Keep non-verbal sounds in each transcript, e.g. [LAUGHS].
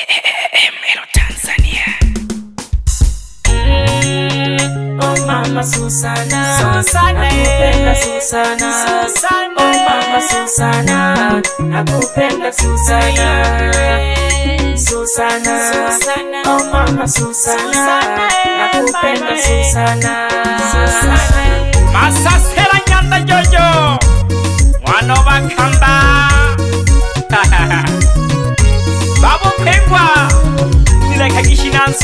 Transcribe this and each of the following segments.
Hello Tanzania. Oh mama Susana, Susana, nakupenda Susana, Susana, oh mama Susana, nakupenda Susana, Susana, oh mama Susana, nakupenda Susana, Susana. Masasela nyanda jojo, mwana wa kamba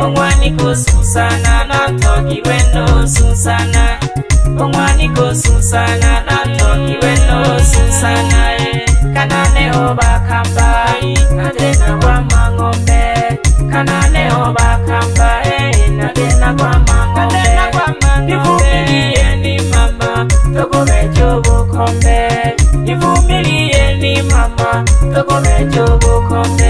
omwaniko susana na natogiwe no susana omwaniko susana na natogiwe no susana kanane oba obakamba Nadena kwa mang'ombe kanane oba obakamba eh. Nadena kwa mang'ombe nivumilie ni mama togomeja obukombe nivumilie ni mama mejo bukombe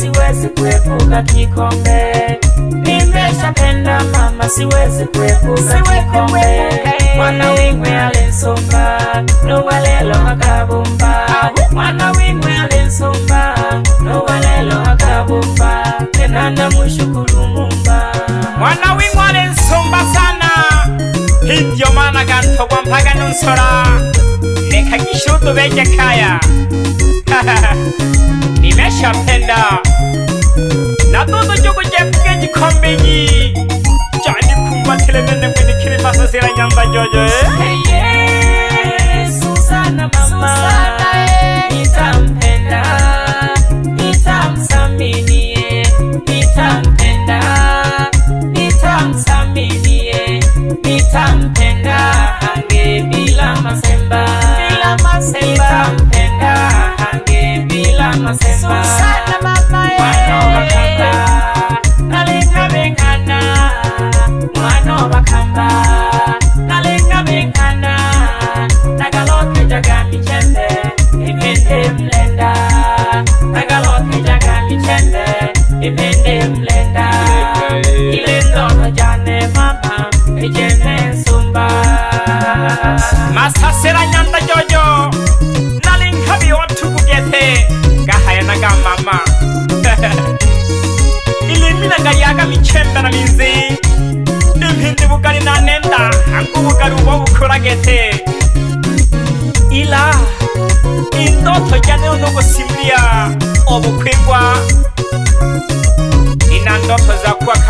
siwezi kuepuka kikombe. Nimeshapenda mama, siwezi kuepuka kikombe. Eh. Mwana wingwe alinsumba nubalelo akabumba, mwana wingwe alinsumba nubalelo akabumba, tena ndamushukuru Mumba. Mwana wingwe alinsumba sana, hivyo maana gantogwa mpaka nunsora nikagishutu beje kaya [LAUGHS] nimeshapenda 나도 저거 예쁘게 지 컴백이 짜니 쿵과 텔레면은 괜히 키리마스 세랑 양반 저저 Susana mama eh. nitampenda nitamsamini nitam mlenda ilendono jane mama ijene sumba masasira nyanda jojo nalinkabi watugugete ngahayanaga mama [LAUGHS] iliminaga yaga michembera minzi impindi bugari nanenda angubugari ubo bukoragete ila indoto janeyo no gusimbuya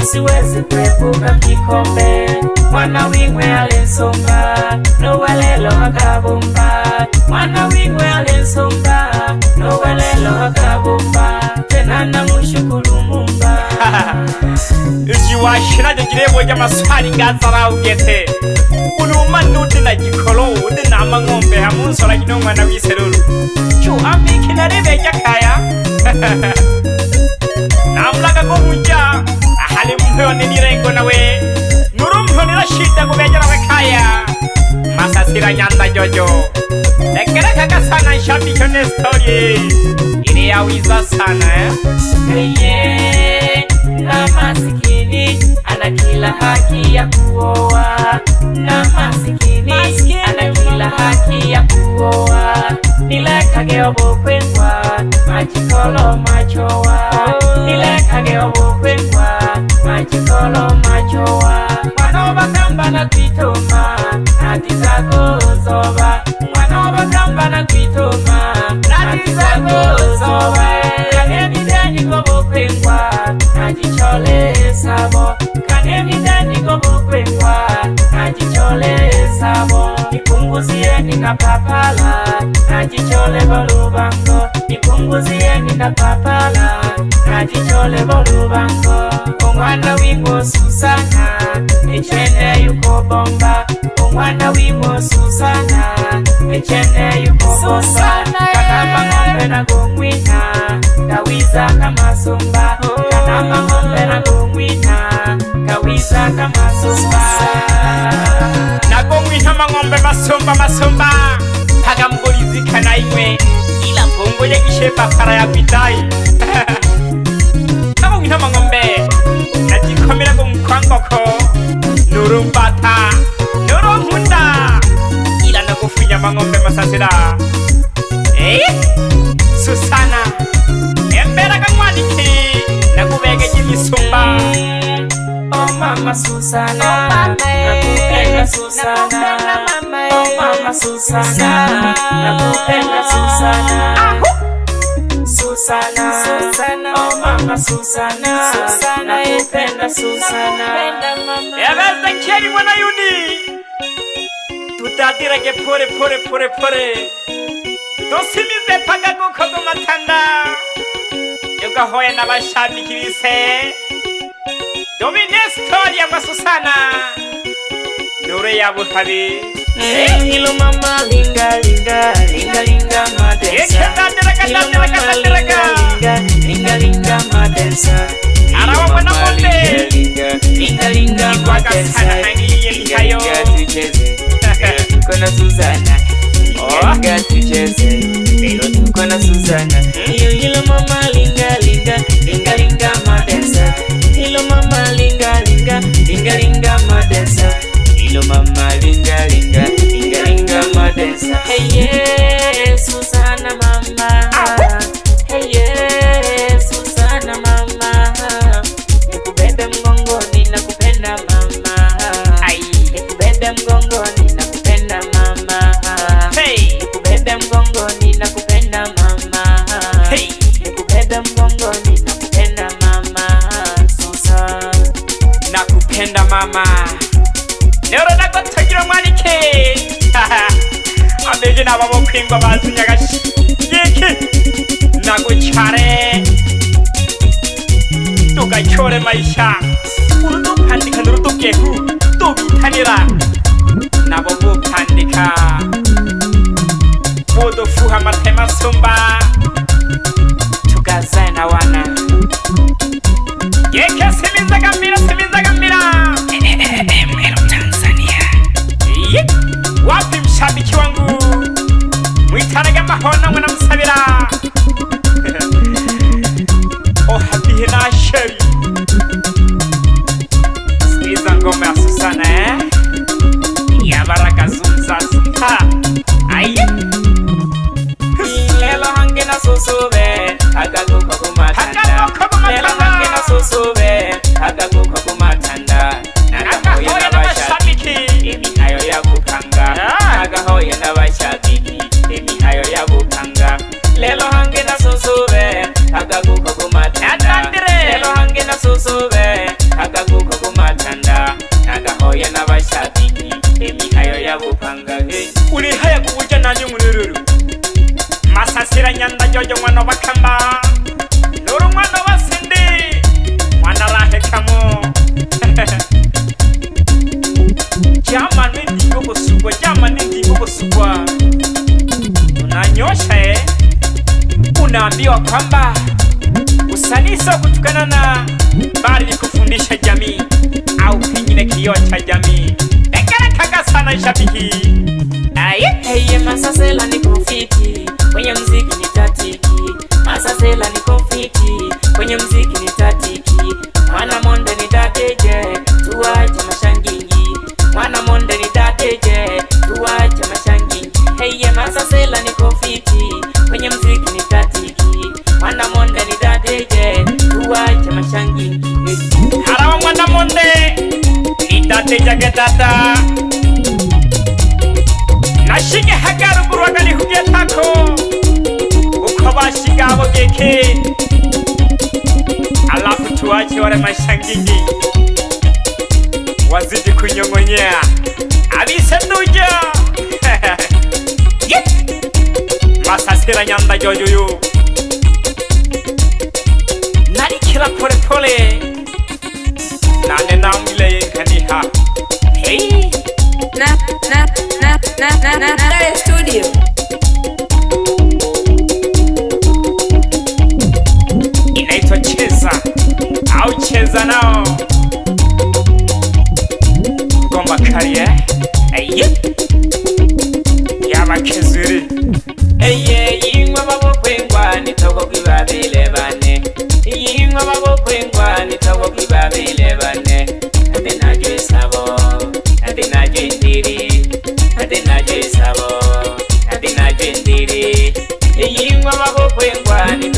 asiweze kuepuka kikombe. Mwana wingwe alinsumba nowelelo akabumba, mwana wingwe alinsumba nowelelo akabumba, tena namushukuru Mumba [LAUGHS] ikiwashira jegirebo jamaswari ngazaraugete uluma nudi na jikolo udi nama ng'ombe hamunsora jino mwana wiseruru cuhambikinarebe jakaya [LAUGHS] namlaka gomuja Loni nirengo nawe Nurumho nirashita kubegera bakaya Masasira nyanda jojo Nekereka sana nshabisho ne story Ile ya wiza sana eh na masikini ana kila haki ya kuoa na masikini na papala na jichole bolubango nipunguzie na jichole bolubango omwana wingo susana echende yuko bomba omwana wingo susana echende yuko bomba kanamba ng'ombe nagong'wina kawiza na kamasumba kanamba ng'ombe nagong'wina kawiza na masumba masomba masomba tagamburizika na imwe ila mpongo ya kishepa para ya kwitai nako [LAUGHS] ngina mangombe najikomera nuru mbata nuru nurunkunda ila na kufunya mangombe masasira eh susana embera kangwaniki nakubega jimisumba Oh mama Susana, oh, nakupenda Susana, nakupenda Susana. Nasema Susana, nakupenda Susana. Susana, Susana, oh mama Susana, Susana, nakupenda Susana. Yabaza keri mwana yuni. Tutadirage pore pore pore pore. Dosimize paka gukogo matanda. Yugahoye na bise. Domine story ya Susana. Nure ya buhabi. Leo hilo Tuko na Suzana oh. tuko na Suzana 黑夜。kala nabo bupandika budufuha matemasumbaa Usaniso kutukana na bali ni kufundisha jamii au pengine kioo cha jamii pekelekaga sana shabiki aye Masasela ni kofiki kwenye mziki ni tatiki Masasela ni kofiki kwenye mziki ni tatiki mwana monde ni dateje tuwache mashangingi mwana monde ni dateje tuwache mashangingi heye Masasela ni kofiki ಜಗದಾತ ನಶಿಗೆ ಹಗಾರು ಬುರುವಾಗಲಿ ಹುಗೆ ತಾಕೋ ಉಖವಾಸಿ ಗಾವ ಗೆಖೆ alafu tuache wale mashangigi wazidi kunyong'onyea alisenduja [LAUGHS] yeah. masasira nyanda jojoyo nalikila polepole nane namile kaniha Yeah, cheza au cheza nao gomba karie eye eh? yaba kiziri eye yingwa mabokwe ngwa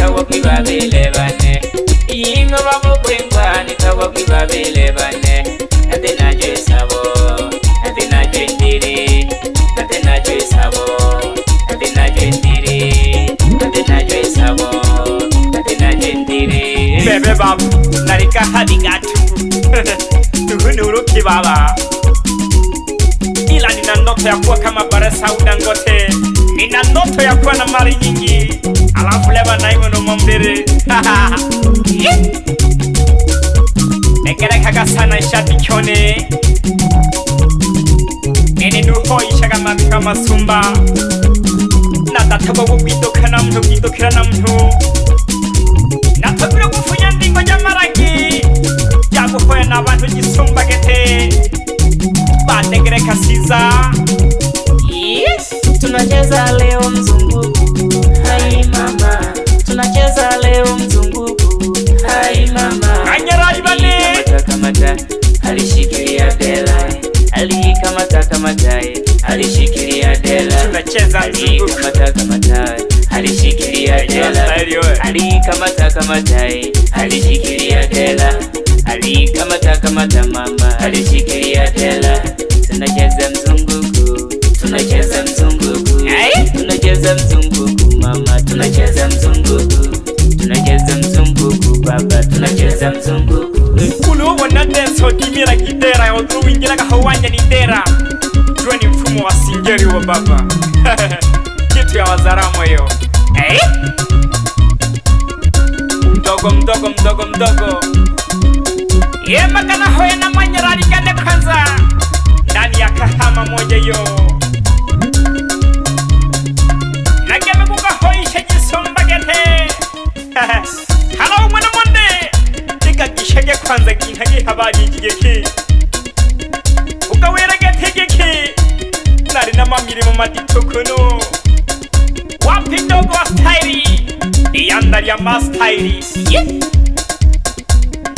tawagwi babele bane yingo bamukwengwa ni tawagwi ila nina ndoto ya kuwa kama Barasa au nina ndoto ya kuwa na mali nyingi, alafu leva na mbere negereka [LAUGHS] gasana ishati cyone nene nuko ishaga mami kamasumba nadatabo gugwidoka na mtu gwidokera na mtu natabiro gufunya ndingo ry'amaragi yaguhoya n'abantu gisumba gete bandegereka siza yes tunacheza leo mzunguko hai mama tunacheza leo mzunguko. Hai mama kamata alishikilia dela, alikamata kamata alishikilia dela, tunacheza mzunguku kamata eh. kamata alishikilia dela, alikamata kamata alishikilia dela, ali alikamata kamata mama alishikilia dela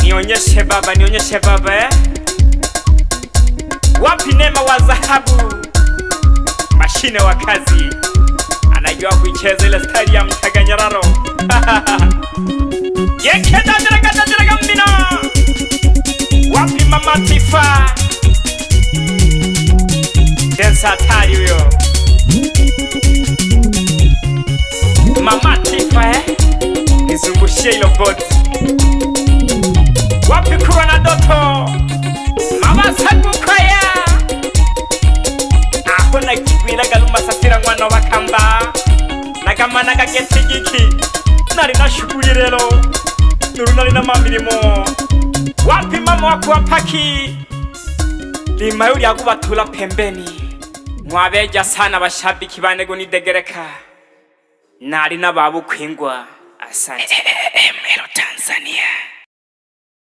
Nionyeshe baba, nionyeshe baba eh? Wapi Neema wa dhahabu, mashine wa kazi, anajua kuicheza ile stari ya mtaganyararo [LAUGHS] yekedajiragajajiraga mbino. Wapi mama Tifa, tensa hatari huyo mama Tifa eh? nizungushie hilo boti. Wapi kuwa na doto mavasadukaya aho nakigwira garumasatira mwana bakamba nagamana gagetigiki nari nashuguye rero nuru nari namamirimo wapi mama wakuwa paki limayo lyagubatura pembeni mwabeja sana bashabiki banego nidegereka nari nababukwingwa Asante. E, Tanzania.